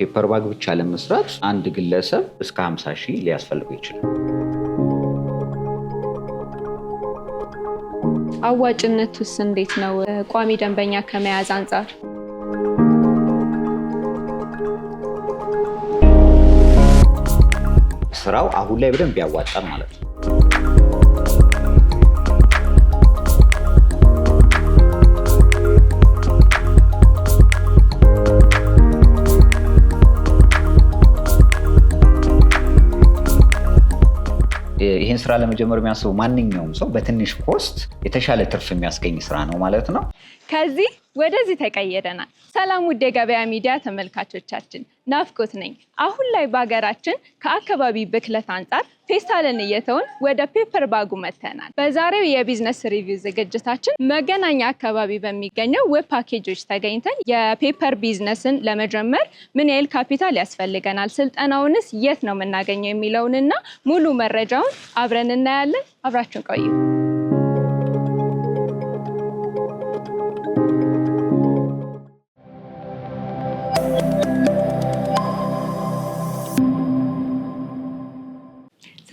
ፔፐር ባግ ብቻ ለመስራት አንድ ግለሰብ እስከ 50 ሺህ ሊያስፈልገው ይችላል። አዋጭነቱስ እንዴት ነው? ቋሚ ደንበኛ ከመያዝ አንጻር ስራው አሁን ላይ በደንብ ያዋጣል ማለት ነው። ይህን ስራ ለመጀመር የሚያስቡ ማንኛውም ሰው በትንሽ ኮስት የተሻለ ትርፍ የሚያስገኝ ስራ ነው ማለት ነው። ከዚህ ወደዚህ ተቀየደናል። ሰላም ውድ የገበያ ሚዲያ ተመልካቾቻችን፣ ናፍቆት ነኝ። አሁን ላይ በሀገራችን ከአካባቢ ብክለት አንጻር ፌስታልን እየተውን ወደ ፔፐር ባጉ መጥተናል። በዛሬው የቢዝነስ ሪቪው ዝግጅታችን መገናኛ አካባቢ በሚገኘው ዌብ ፓኬጆች ተገኝተን የፔፐር ቢዝነስን ለመጀመር ምን ያህል ካፒታል ያስፈልገናል፣ ስልጠናውንስ የት ነው የምናገኘው የሚለውንና ሙሉ መረጃውን አብረን እናያለን። አብራችን ቆዩ።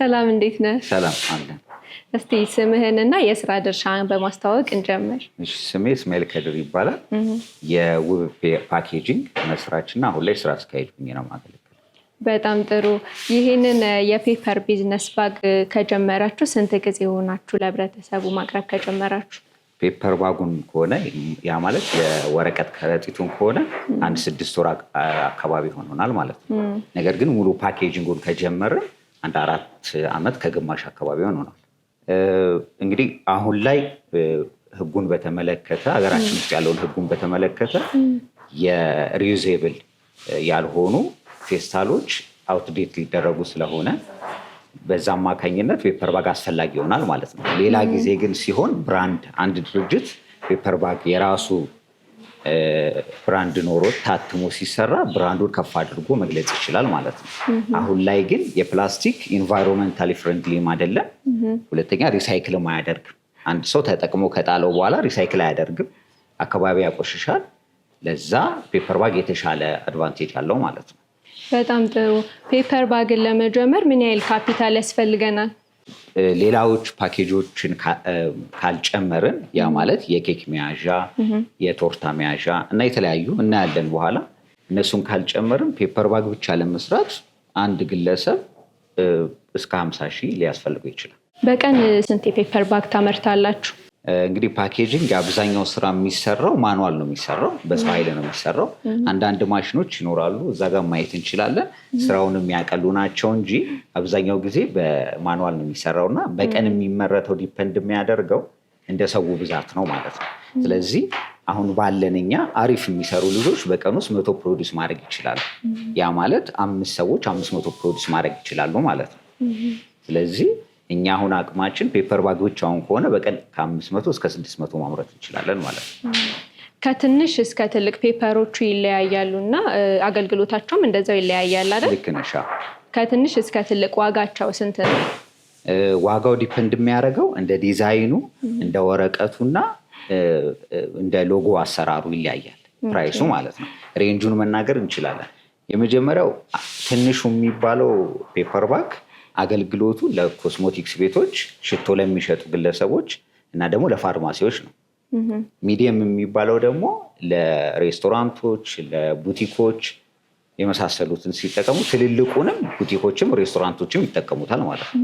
ሰላም እንዴት ነህ? ሰላም አለ። እስቲ ስምህንና የስራ ድርሻን በማስተዋወቅ እንጀምር። ስሜ እስማኤል ከድር ይባላል። የውብ ፓኬጂንግ መስራችና አሁን ላይ ስራ አስኪያጅ ሆኜ ነው የማገለግለው። በጣም ጥሩ። ይህንን የፔፐር ቢዝነስ ባግ ከጀመራችሁ ስንት ጊዜ ሆናችሁ? ለህብረተሰቡ ማቅረብ ከጀመራችሁ? ፔፐር ባጉን ከሆነ ያ ማለት የወረቀት ከረጢቱን ከሆነ አንድ ስድስት ወር አካባቢ ሆኖናል ማለት ነው። ነገር ግን ሙሉ ፓኬጂንጉን ከጀመርን አንድ አራት ዓመት ከግማሽ አካባቢ ሆኗል። እንግዲህ አሁን ላይ ህጉን በተመለከተ ሀገራችን ውስጥ ያለውን ህጉን በተመለከተ የሪዩዜብል ያልሆኑ ፌስታሎች አውትዴት ሊደረጉ ስለሆነ በዛ አማካኝነት ፔፐር ባግ አስፈላጊ ይሆናል ማለት ነው። ሌላ ጊዜ ግን ሲሆን ብራንድ አንድ ድርጅት ፔፐር ባግ የራሱ ብራንድ ኖሮት ታትሞ ሲሰራ ብራንዱን ከፍ አድርጎ መግለጽ ይችላል ማለት ነው። አሁን ላይ ግን የፕላስቲክ ኢንቫይሮንመንታሊ ፍሬንድሊም አይደለም፣ ሁለተኛ ሪሳይክልም አያደርግም። አንድ ሰው ተጠቅሞ ከጣለው በኋላ ሪሳይክል አያደርግም፣ አካባቢ ያቆሽሻል። ለዛ ፔፐር ባግ የተሻለ አድቫንቴጅ አለው ማለት ነው። በጣም ጥሩ። ፔፐር ባግን ለመጀመር ምን ያህል ካፒታል ያስፈልገናል? ሌላዎች ፓኬጆችን ካልጨመርን ያ ማለት የኬክ መያዣ፣ የቶርታ መያዣ እና የተለያዩ እናያለን በኋላ እነሱን ካልጨመርን ፔፐር ባግ ብቻ ለመስራት አንድ ግለሰብ እስከ ሀምሳ ሺህ ሊያስፈልገው ይችላል። በቀን ስንት የፔፐር ባግ ታመርታላችሁ? እንግዲህ ፓኬጂንግ አብዛኛው ስራ የሚሰራው ማኑዋል ነው የሚሰራው በሰው ኃይል ነው የሚሰራው። አንዳንድ ማሽኖች ይኖራሉ እዛ ጋር ማየት እንችላለን። ስራውን የሚያቀሉ ናቸው እንጂ አብዛኛው ጊዜ በማኑዋል ነው የሚሰራው እና በቀን የሚመረተው ዲፐንድ የሚያደርገው እንደ ሰው ብዛት ነው ማለት ነው። ስለዚህ አሁን ባለን እኛ አሪፍ የሚሰሩ ልጆች በቀን ውስጥ መቶ ፕሮዲስ ማድረግ ይችላሉ። ያ ማለት አምስት ሰዎች አምስት መቶ ፕሮዲስ ማድረግ ይችላሉ ማለት ነው። ስለዚህ እኛ አሁን አቅማችን ፔፐር ባጎች አሁን ከሆነ በቀን ከአምስት መቶ እስከ ስድስት መቶ ማምረት እንችላለን ማለት ነው። ከትንሽ እስከ ትልቅ ፔፐሮቹ ይለያያሉ እና አገልግሎታቸውም እንደዛው ይለያያል አይደል? ልክ ነሽ። ከትንሽ እስከ ትልቅ ዋጋቸው ስንት ነው? ዋጋው ዲፐንድ የሚያደርገው እንደ ዲዛይኑ፣ እንደ ወረቀቱና እንደ ሎጎ አሰራሩ ይለያያል ፕራይሱ ማለት ነው። ሬንጁን መናገር እንችላለን። የመጀመሪያው ትንሹ የሚባለው ፔፐር ባክ አገልግሎቱ ለኮስሞቲክስ ቤቶች፣ ሽቶ ለሚሸጡ ግለሰቦች እና ደግሞ ለፋርማሲዎች ነው። ሚዲየም የሚባለው ደግሞ ለሬስቶራንቶች፣ ለቡቲኮች የመሳሰሉትን ሲጠቀሙ ትልልቁንም ቡቲኮችም ሬስቶራንቶችም ይጠቀሙታል ማለት ነው።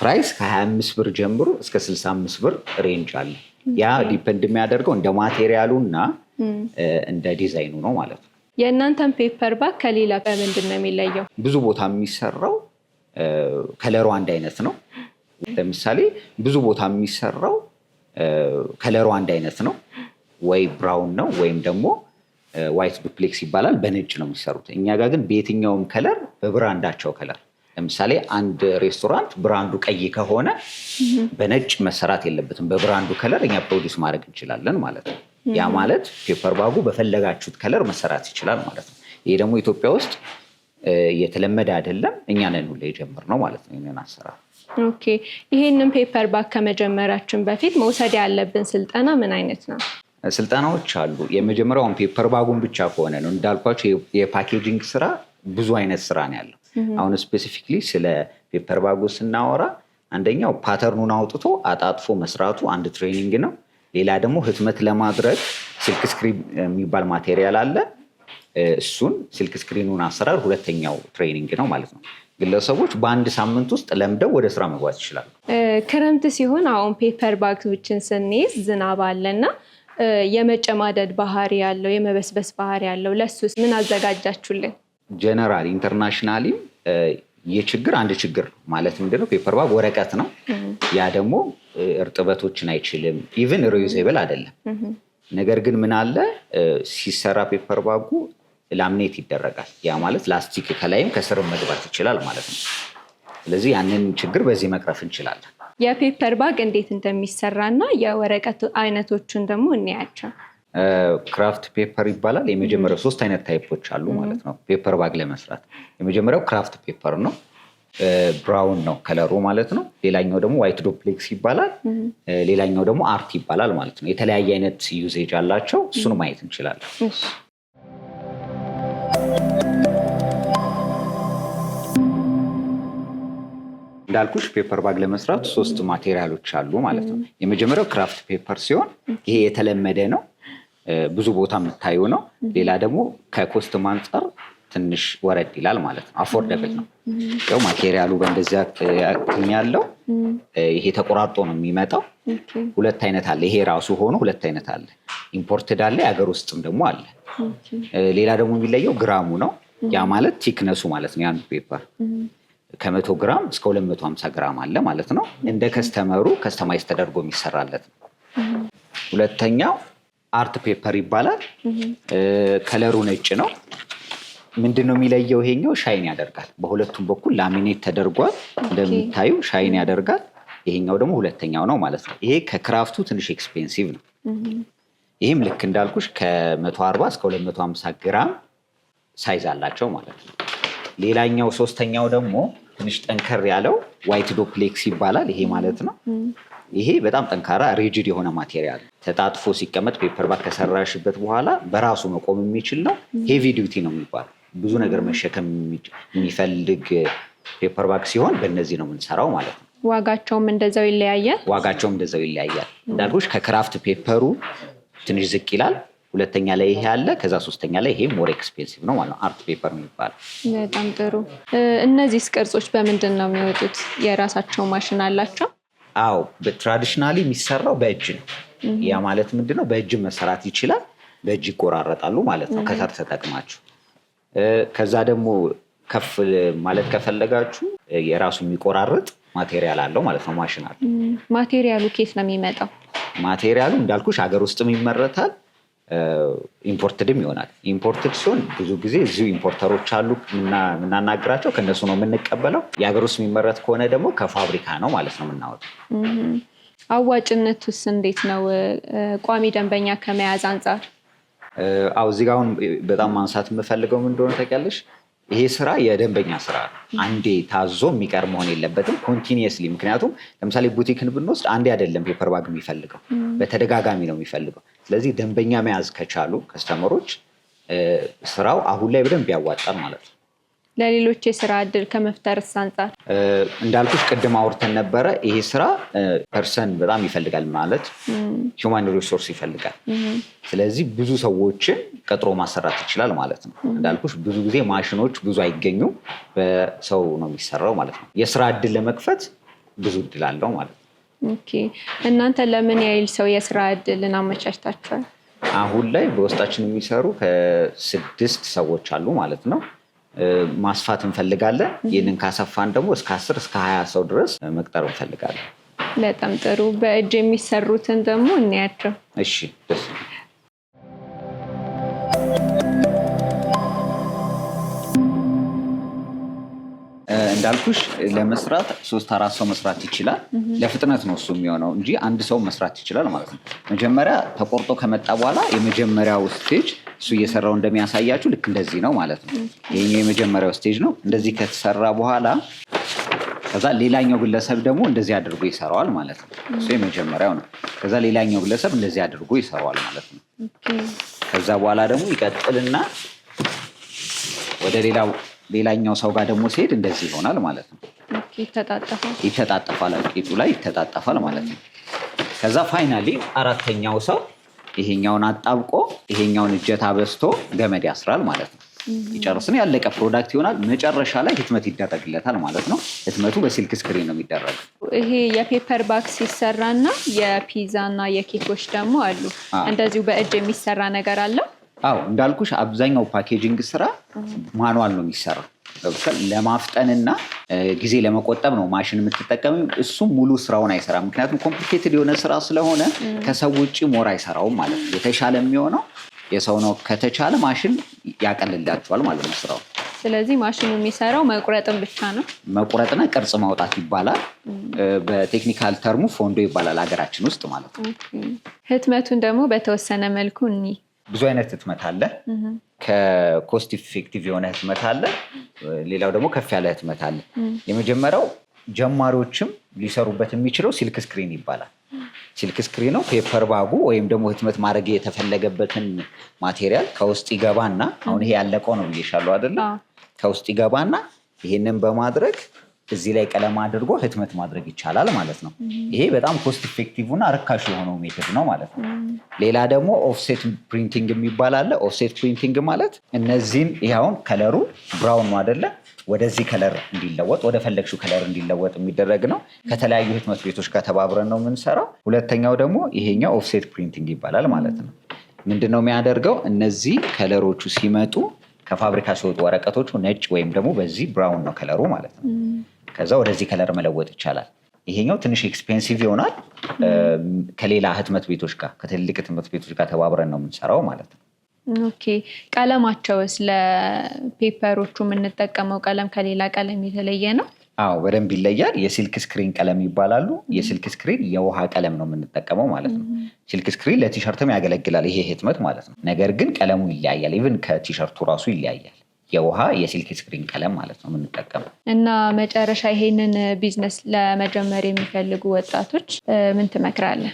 ፕራይስ ከ25 ብር ጀምሮ እስከ 65 ብር ሬንጅ አለ። ያ ዲፐንድ የሚያደርገው እንደ ማቴሪያሉ እና እንደ ዲዛይኑ ነው ማለት ነው። የእናንተን ፔፐር ባክ ከሌላ በምንድን ነው የሚለየው? ብዙ ቦታ የሚሰራው ከለሩ አንድ አይነት ነው። ለምሳሌ ብዙ ቦታ የሚሰራው ከለሩ አንድ አይነት ነው፣ ወይ ብራውን ነው ወይም ደግሞ ዋይት ዱፕሌክስ ይባላል። በነጭ ነው የሚሰሩት። እኛ ጋር ግን በየትኛውም ከለር በብራንዳቸው ከለር ለምሳሌ አንድ ሬስቶራንት ብራንዱ ቀይ ከሆነ በነጭ መሰራት የለበትም። በብራንዱ ከለር እኛ ፕሮዲስ ማድረግ እንችላለን ማለት ነው። ያ ማለት ፔፐር ባጉ በፈለጋችሁት ከለር መሰራት ይችላል ማለት ነው። ይሄ ደግሞ ኢትዮጵያ ውስጥ የተለመደ አይደለም። እኛ ነን ሁላ ነው ማለት ነው ይህንን አሰራር። ኦኬ ይህንን ፔፐር ባክ ከመጀመራችን በፊት መውሰድ ያለብን ስልጠና ምን አይነት ነው? ስልጠናዎች አሉ። የመጀመሪያውን ፔፐር ባጉን ብቻ ከሆነ ነው እንዳልኳቸው፣ የፓኬጂንግ ስራ ብዙ አይነት ስራ ነው ያለው። አሁን ስፔሲፊክሊ ስለ ፔፐር ባጉ ስናወራ አንደኛው ፓተርኑን አውጥቶ አጣጥፎ መስራቱ አንድ ትሬኒንግ ነው። ሌላ ደግሞ ህትመት ለማድረግ ስልክ ስክሪን የሚባል ማቴሪያል አለ እሱን ስልክ ስክሪኑን አሰራር ሁለተኛው ትሬኒንግ ነው ማለት ነው። ግለሰቦች በአንድ ሳምንት ውስጥ ለምደው ወደ ስራ መግባት ይችላሉ። ክረምት ሲሆን አሁን ፔፐር ባግሶችን ስንይዝ ዝናብ አለና የመጨማደድ ባህሪ ያለው የመበስበስ ባህሪ ያለው ለሱስ ምን አዘጋጃችሁልን? ጀነራል ኢንተርናሽናሊም ይህ ችግር አንድ ችግር ነው ማለት ምንድነው? ፔፐር ባግ ወረቀት ነው። ያ ደግሞ እርጥበቶችን አይችልም። ኢቨን ሪዩዘብል አይደለም። ነገር ግን ምን አለ ሲሰራ ፔፐር ባጉ ላምኔት ይደረጋል። ያ ማለት ላስቲክ ከላይም ከስርም መግባት ይችላል ማለት ነው። ስለዚህ ያንን ችግር በዚህ መቅረፍ እንችላለን። የፔፐር ባግ እንዴት እንደሚሰራ እና የወረቀት አይነቶቹን ደግሞ እንያቸው። ክራፍት ፔፐር ይባላል። የመጀመሪያው ሶስት አይነት ታይፖች አሉ ማለት ነው ፔፐር ባግ ለመስራት። የመጀመሪያው ክራፍት ፔፐር ነው፣ ብራውን ነው ከለሩ ማለት ነው። ሌላኛው ደግሞ ዋይት ዶፕሌክስ ይባላል። ሌላኛው ደግሞ አርት ይባላል ማለት ነው። የተለያየ አይነት ዩዜጅ አላቸው። እሱን ማየት እንችላለን። እንዳልኩሽ ፔፐር ባግ ለመስራት ሶስት ማቴሪያሎች አሉ ማለት ነው። የመጀመሪያው ክራፍት ፔፐር ሲሆን ይሄ የተለመደ ነው፣ ብዙ ቦታ የምታየው ነው። ሌላ ደግሞ ከኮስትም አንጻር ትንሽ ወረድ ይላል ማለት ነው። አፎርደብል ነው። ያው ማቴሪያሉ በእንደዚያ ቅም ያለው ይሄ ተቆራርጦ ነው የሚመጣው። ሁለት አይነት አለ። ይሄ ራሱ ሆኖ ሁለት አይነት አለ። ኢምፖርትድ አለ፣ የሀገር ውስጥም ደግሞ አለ። ሌላ ደግሞ የሚለየው ግራሙ ነው። ያ ማለት ቲክነሱ ማለት ነው። የአንዱ ፔፐር ከመቶ ግራም እስከ ሁለት መቶ ሀምሳ ግራም አለ ማለት ነው። እንደ ከስተመሩ ከስተማይዝ ተደርጎ የሚሰራለት ነው። ሁለተኛው አርት ፔፐር ይባላል። ከለሩ ነጭ ነው። ምንድን ነው የሚለየው? ይሄኛው ሻይን ያደርጋል። በሁለቱም በኩል ላሚኔት ተደርጓል እንደሚታዩ ሻይን ያደርጋል። ይሄኛው ደግሞ ሁለተኛው ነው ማለት ነው። ይሄ ከክራፍቱ ትንሽ ኤክስፔንሲቭ ነው። ይህም ልክ እንዳልኩሽ ከ140 እስከ 250 ግራም ሳይዝ አላቸው ማለት ነው። ሌላኛው ሶስተኛው ደግሞ ትንሽ ጠንከር ያለው ዋይት ዶፕሌክስ ይባላል። ይሄ ማለት ነው ይሄ በጣም ጠንካራ ሪጅድ የሆነ ማቴሪያል ተጣጥፎ ሲቀመጥ ፔፐርባክ ከሰራሽበት በኋላ በራሱ መቆም የሚችል ነው። ሄቪ ዲዩቲ ነው የሚባለው። ብዙ ነገር መሸከም የሚፈልግ ፔፐርባክ ሲሆን በእነዚህ ነው የምንሰራው ማለት ነው። ዋጋቸውም እንደዛው ይለያያል። ዋጋቸውም እንደዛው ይለያያል። እንዳልኩሽ ከክራፍት ፔፐሩ ትንሽ ዝቅ ይላል። ሁለተኛ ላይ ይሄ አለ። ከዛ ሶስተኛ ላይ ይሄ ሞር ኤክስፔንሲቭ ነው ማለት ነው። አርት ፔፐር የሚባል በጣም ጥሩ። እነዚህ ቅርጾች በምንድን ነው የሚወጡት? የራሳቸው ማሽን አላቸው? አዎ፣ ትራዲሽናሊ የሚሰራው በእጅ ነው። ያ ማለት ምንድነው በእጅ መሰራት ይችላል። በእጅ ይቆራረጣሉ ማለት ነው ከሳር ተጠቅማችሁ ከዛ ደግሞ ከፍ ማለት ከፈለጋችሁ የራሱ የሚቆራርጥ ማቴሪያል አለው ማለት ነው። ማሽን አለ። ማቴሪያሉ ኬት ነው የሚመጣው? ማቴሪያሉ እንዳልኩሽ ሀገር ውስጥም ይመረታል ኢምፖርትድም ይሆናል። ኢምፖርትድ ሲሆን ብዙ ጊዜ እዚሁ ኢምፖርተሮች አሉ የምናናግራቸው፣ ከእነሱ ነው የምንቀበለው። የሀገር ውስጥ የሚመረት ከሆነ ደግሞ ከፋብሪካ ነው ማለት ነው የምናወጣው። አዋጭነቱስ እንዴት ነው? ቋሚ ደንበኛ ከመያዝ አንጻር አዎ እዚህ ጋር አሁን በጣም ማንሳት የምፈልገው ምን እንደሆነ ታውቂያለሽ፣ ይሄ ስራ የደንበኛ ስራ ነው። አንዴ ታዞ የሚቀር መሆን የለበትም ኮንቲኒየስሊ። ምክንያቱም ለምሳሌ ቡቲክን ብንወስድ አንዴ አይደለም ፔፐር ባግ የሚፈልገው በተደጋጋሚ ነው የሚፈልገው። ስለዚህ ደንበኛ መያዝ ከቻሉ ከስተመሮች ስራው አሁን ላይ በደንብ ያዋጣል ማለት ነው። ለሌሎች የስራ እድል ከመፍጠርስ አንጻር እንዳልኩሽ ቅድም አውርተን ነበረ። ይሄ ስራ ፐርሰን በጣም ይፈልጋል ማለት ማን ሪሶርስ ይፈልጋል። ስለዚህ ብዙ ሰዎችን ቀጥሮ ማሰራት ይችላል ማለት ነው። እንዳልኩሽ ብዙ ጊዜ ማሽኖች ብዙ አይገኙ በሰው ነው የሚሰራው ማለት ነው። የስራ እድል ለመክፈት ብዙ እድል አለው ማለት ነው። ኦኬ እናንተ ለምን ያህል ሰው የስራ እድልን አመቻችታቸዋል አሁን ላይ በውስጣችን የሚሰሩ ከስድስት ሰዎች አሉ ማለት ነው። ማስፋት እንፈልጋለን። ይህንን ካሰፋን ደግሞ እስከ አስር እስከ ሀያ ሰው ድረስ መቅጠር እንፈልጋለን። በጣም ጥሩ። በእጅ የሚሰሩትን ደግሞ እንያቸው። እሺ ደስ እንዳልኩሽ ለመስራት ሶስት አራት ሰው መስራት ይችላል። ለፍጥነት ነው እሱ የሚሆነው እንጂ አንድ ሰው መስራት ይችላል ማለት ነው። መጀመሪያ ተቆርጦ ከመጣ በኋላ የመጀመሪያው ስቴጅ እሱ እየሰራው እንደሚያሳያችሁ ልክ እንደዚህ ነው ማለት ነው። ይህኛው የመጀመሪያው ስቴጅ ነው። እንደዚህ ከተሰራ በኋላ ከዛ ሌላኛው ግለሰብ ደግሞ እንደዚህ አድርጎ ይሰራዋል ማለት ነው። እሱ የመጀመሪያው ነው። ከዛ ሌላኛው ግለሰብ እንደዚህ አድርጎ ይሰራዋል ማለት ነው። ከዛ በኋላ ደግሞ ይቀጥልና ወደ ሌላው ሌላኛው ሰው ጋር ደግሞ ሲሄድ እንደዚህ ይሆናል ማለት ነው። ይተጣጠፋል፣ ቂጡ ላይ ይተጣጠፋል ማለት ነው። ከዛ ፋይናሊ አራተኛው ሰው ይሄኛውን አጣብቆ ይሄኛውን እጀታ በስቶ ገመድ ያስራል ማለት ነው። ይጨርስን ያለቀ ፕሮዳክት ይሆናል። መጨረሻ ላይ ህትመት ይደረግለታል ማለት ነው። ህትመቱ በሲልክ ስክሪን ነው የሚደረግ። ይሄ የፔፐር ባክ ሲሰራ እና የፒዛ እና የኬኮች ደግሞ አሉ። እንደዚሁ በእጅ የሚሰራ ነገር አለው አዎ እንዳልኩሽ አብዛኛው ፓኬጂንግ ስራ ማኑዋል ነው የሚሰራው። ለማፍጠንና ጊዜ ለመቆጠብ ነው ማሽን የምትጠቀሚ። እሱም ሙሉ ስራውን አይሰራም፣ ምክንያቱም ኮምፕሊኬትድ የሆነ ስራ ስለሆነ ከሰው ውጭ ሞር አይሰራውም ማለት ነው። የተሻለ የሚሆነው የሰው ነው። ከተቻለ ማሽን ያቀልላቸዋል ማለት ነው ስራው። ስለዚህ ማሽኑ የሚሰራው መቁረጥን ብቻ ነው። መቁረጥና ቅርጽ ማውጣት ይባላል። በቴክኒካል ተርሙ ፎንዶ ይባላል ሀገራችን ውስጥ ማለት ነው። ህትመቱን ደግሞ በተወሰነ መልኩ እኒ ብዙ አይነት ህትመት አለ። ከኮስት ኢፌክቲቭ የሆነ ህትመት አለ። ሌላው ደግሞ ከፍ ያለ ህትመት አለ። የመጀመሪያው ጀማሪዎችም ሊሰሩበት የሚችለው ሲልክ ስክሪን ይባላል። ሲልክ ስክሪኑ ፔፐር ባጉ ወይም ደግሞ ህትመት ማድረግ የተፈለገበትን ማቴሪያል ከውስጥ ይገባና አሁን ይሄ ያለቀው ነው ብዬሻለሁ አይደለ? ከውስጥ ይገባና ይህንን በማድረግ እዚህ ላይ ቀለም አድርጎ ህትመት ማድረግ ይቻላል ማለት ነው። ይሄ በጣም ኮስት ኢፌክቲቭ እና ርካሽ የሆነው ሜትድ ነው ማለት ነው። ሌላ ደግሞ ኦፍሴት ፕሪንቲንግ የሚባል አለ። ኦፍሴት ፕሪንቲንግ ማለት እነዚህም ይኸውን ከለሩ ብራውን አደለ ወደዚህ ከለር እንዲለወጥ ወደ ፈለግሽው ከለር እንዲለወጥ የሚደረግ ነው። ከተለያዩ ህትመት ቤቶች ጋር ተባብረን ነው የምንሰራው። ሁለተኛው ደግሞ ይሄኛው ኦፍሴት ፕሪንቲንግ ይባላል ማለት ነው። ምንድን ነው የሚያደርገው እነዚህ ከለሮቹ ሲመጡ ከፋብሪካ ሲወጡ ወረቀቶቹ ነጭ ወይም ደግሞ በዚህ ብራውን ነው ከለሩ ማለት ነው ከዛ ወደዚህ ከለር መለወጥ ይቻላል። ይሄኛው ትንሽ ኤክስፔንሲቭ ይሆናል። ከሌላ ህትመት ቤቶች ጋር ከትልልቅ ህትመት ቤቶች ጋር ተባብረን ነው የምንሰራው ማለት ነው። ኦኬ ቀለማቸውስ ለፔፐሮቹ የምንጠቀመው ቀለም ከሌላ ቀለም የተለየ ነው? አዎ በደንብ ይለያል። የሲልክ ስክሪን ቀለም ይባላሉ። የስልክ ስክሪን የውሃ ቀለም ነው የምንጠቀመው ማለት ነው። ስልክ ስክሪን ለቲሸርትም ያገለግላል ይሄ ህትመት ማለት ነው። ነገር ግን ቀለሙ ይለያያል። ኢቭን ከቲሸርቱ ራሱ ይለያያል። የውሃ የሲልክ ስክሪን ቀለም ማለት ነው የምንጠቀመው። እና መጨረሻ ይሄንን ቢዝነስ ለመጀመር የሚፈልጉ ወጣቶች ምን ትመክራለህ?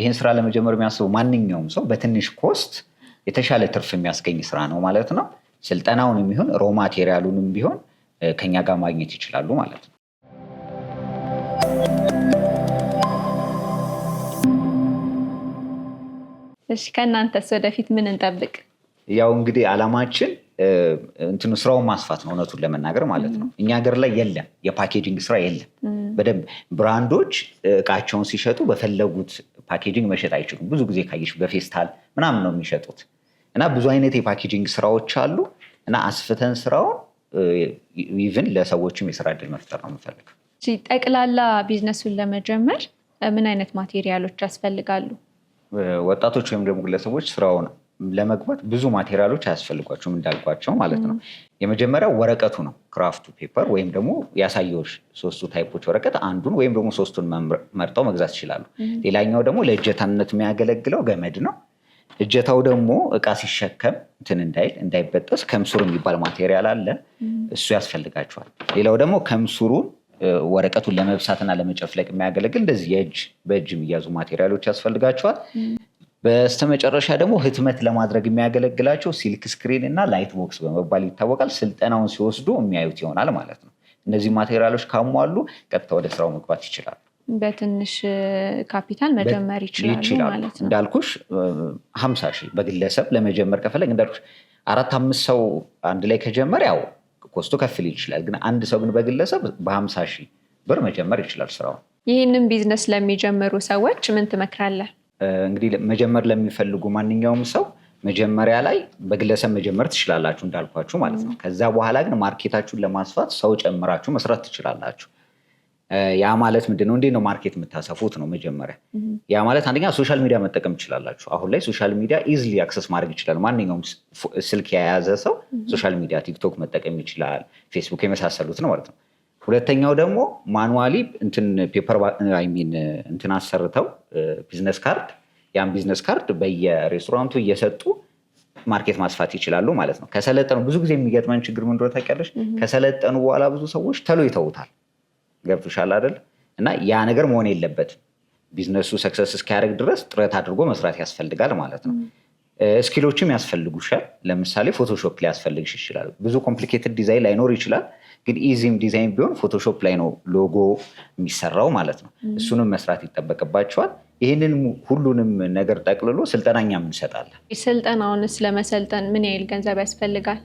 ይህን ስራ ለመጀመር የሚያስቡ ማንኛውም ሰው በትንሽ ኮስት የተሻለ ትርፍ የሚያስገኝ ስራ ነው ማለት ነው። ስልጠናውን የሚሆን ሮ ማቴሪያሉንም ቢሆን ከኛ ጋር ማግኘት ይችላሉ ማለት ነው። እሺ ከእናንተስ ወደፊት ምን እንጠብቅ? ያው እንግዲህ አላማችን እንትኑ ስራውን ማስፋት ነው። እውነቱን ለመናገር ማለት ነው እኛ ሀገር ላይ የለም የፓኬጂንግ ስራ የለም። በደንብ ብራንዶች እቃቸውን ሲሸጡ በፈለጉት ፓኬጂንግ መሸጥ አይችሉም። ብዙ ጊዜ ካየሽ በፌስታል ምናምን ነው የሚሸጡት እና ብዙ አይነት የፓኬጂንግ ስራዎች አሉ እና አስፍተን ስራውን ኢቭን ለሰዎችም የስራ እድል መፍጠር ነው የምፈልገው። ጠቅላላ ቢዝነሱን ለመጀመር ምን አይነት ማቴሪያሎች ያስፈልጋሉ? ወጣቶች ወይም ደግሞ ግለሰቦች ስራውን ለመግባት ብዙ ማቴሪያሎች አያስፈልጓቸውም እንዳልኳቸው ማለት ነው። የመጀመሪያው ወረቀቱ ነው ክራፍቱ ፔፐር ወይም ደግሞ ያሳየዎች ሶስቱ ታይፖች ወረቀት አንዱን ወይም ደግሞ ሶስቱን መርጠው መግዛት ይችላሉ። ሌላኛው ደግሞ ለእጀታነት የሚያገለግለው ገመድ ነው። እጀታው ደግሞ እቃ ሲሸከም እንትን እንዳይል እንዳይበጠስ ከምሱር የሚባል ማቴሪያል አለ። እሱ ያስፈልጋቸዋል። ሌላው ደግሞ ከምሱሩን ወረቀቱን ለመብሳትና ለመጨፍለቅ የሚያገለግል እንደዚህ የእጅ በእጅ የሚያዙ ማቴሪያሎች ያስፈልጋቸዋል። በስተመጨረሻ ደግሞ ህትመት ለማድረግ የሚያገለግላቸው ሲልክ ስክሪን እና ላይት ቦክስ በመባል ይታወቃል። ስልጠናውን ሲወስዱ የሚያዩት ይሆናል ማለት ነው። እነዚህ ማቴሪያሎች ካሟሉ ቀጥታ ወደ ስራው መግባት ይችላሉ። በትንሽ ካፒታል መጀመር ይችላሉ ማለት ነው። እንዳልኩሽ ሀምሳ ሺህ በግለሰብ ለመጀመር ከፈለግ እንዳልኩሽ አራት አምስት ሰው አንድ ላይ ከጀመር ያው ኮስቶ ከፍ ሊል ይችላል። ግን አንድ ሰው ግን በግለሰብ በሀምሳ ሺህ ብር መጀመር ይችላል ስራውን። ይህንን ቢዝነስ ለሚጀምሩ ሰዎች ምን ትመክራለህ? እንግዲህ መጀመር ለሚፈልጉ ማንኛውም ሰው መጀመሪያ ላይ በግለሰብ መጀመር ትችላላችሁ እንዳልኳችሁ ማለት ነው። ከዛ በኋላ ግን ማርኬታችሁን ለማስፋት ሰው ጨምራችሁ መስራት ትችላላችሁ። ያ ማለት ምንድን ነው? እንዴት ነው ማርኬት የምታሰፉት ነው መጀመሪያ። ያ ማለት አንደኛ ሶሻል ሚዲያ መጠቀም ትችላላችሁ። አሁን ላይ ሶሻል ሚዲያ ኢዝሊ አክሰስ ማድረግ ይችላል። ማንኛውም ስልክ የያዘ ሰው ሶሻል ሚዲያ ቲክቶክ መጠቀም ይችላል፣ ፌስቡክ የመሳሰሉት ነው ማለት ነው። ሁለተኛው ደግሞ ማኑዋሊ እንትን ፔፐር ሚን እንትን አሰርተው ቢዝነስ ካርድ ያን ቢዝነስ ካርድ በየሬስቶራንቱ እየሰጡ ማርኬት ማስፋት ይችላሉ ማለት ነው። ከሰለጠኑ ብዙ ጊዜ የሚገጥመን ችግር ምንድ ታውቂያለሽ? ከሰለጠኑ በኋላ ብዙ ሰዎች ተሎ ይተውታል። ገብቶሻል አደል እና ያ ነገር መሆን የለበትም። ቢዝነሱ ሰክሰስ እስኪያደርግ ድረስ ጥረት አድርጎ መስራት ያስፈልጋል ማለት ነው። ስኪሎችም ያስፈልጉሻል። ለምሳሌ ፎቶሾፕ ሊያስፈልግሽ ይችላል። ብዙ ኮምፕሊኬትድ ዲዛይን ላይኖር ይችላል፣ ግን ኢዚም ዲዛይን ቢሆን ፎቶሾፕ ላይ ነው ሎጎ የሚሰራው ማለት ነው። እሱንም መስራት ይጠበቅባቸዋል። ይህንን ሁሉንም ነገር ጠቅልሎ ስልጠናኛ እንሰጣለን። ስልጠናውንስ ለመሰልጠን ምን ያህል ገንዘብ ያስፈልጋል?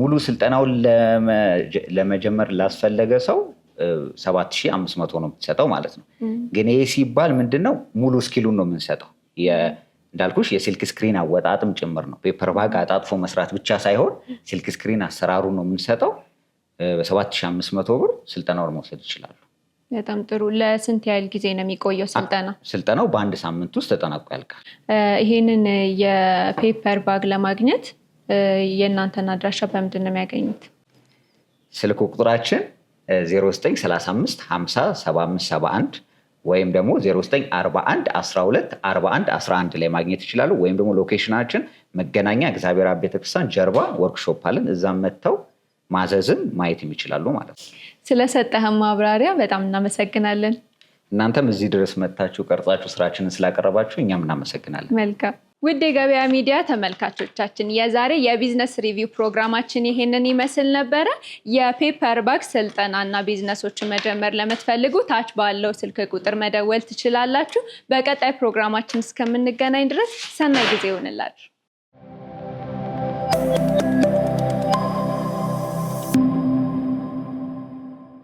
ሙሉ ስልጠናውን ለመጀመር ላስፈለገ ሰው 7500 ነው የምትሰጠው ማለት ነው። ግን ይህ ሲባል ምንድን ነው ሙሉ ስኪሉን ነው የምንሰጠው እንዳልኩሽ የሲልክ ስክሪን አወጣጥም ጭምር ነው። ፔፐር ባግ አጣጥፎ መስራት ብቻ ሳይሆን ሲልክ ስክሪን አሰራሩ ነው የምንሰጠው። በ7500 ብር ስልጠናውን መውሰድ ይችላሉ። በጣም ጥሩ። ለስንት ያህል ጊዜ ነው የሚቆየው ስልጠና? ስልጠናው በአንድ ሳምንት ውስጥ ተጠናቆ ያልቃል። ይህንን የፔፐር ባግ ለማግኘት የእናንተን አድራሻ በምንድን ነው የሚያገኙት? ስልክ ቁጥራችን 0935 50 75 71 ወይም ደግሞ 0941 11 ላይ ማግኘት ይችላሉ። ወይም ደግሞ ሎኬሽናችን መገናኛ እግዚአብሔር አብ ቤተክርስቲያን ጀርባ ወርክሾፕ አለን። እዛም መጥተው ማዘዝም ማየትም ይችላሉ ማለት ነው። ስለሰጠህን ማብራሪያ በጣም እናመሰግናለን። እናንተም እዚህ ድረስ መጥታችሁ ቀርጻችሁ ስራችንን ስላቀረባችሁ እኛም እናመሰግናለን። መልካም ውድ የገበያ ሚዲያ ተመልካቾቻችን የዛሬ የቢዝነስ ሪቪው ፕሮግራማችን ይሄንን ይመስል ነበረ። የፔፐር ባክ ስልጠናና ቢዝነሶችን መጀመር ለምትፈልጉ ታች ባለው ስልክ ቁጥር መደወል ትችላላችሁ። በቀጣይ ፕሮግራማችን እስከምንገናኝ ድረስ ሰናይ ጊዜ ይሆንላችሁ።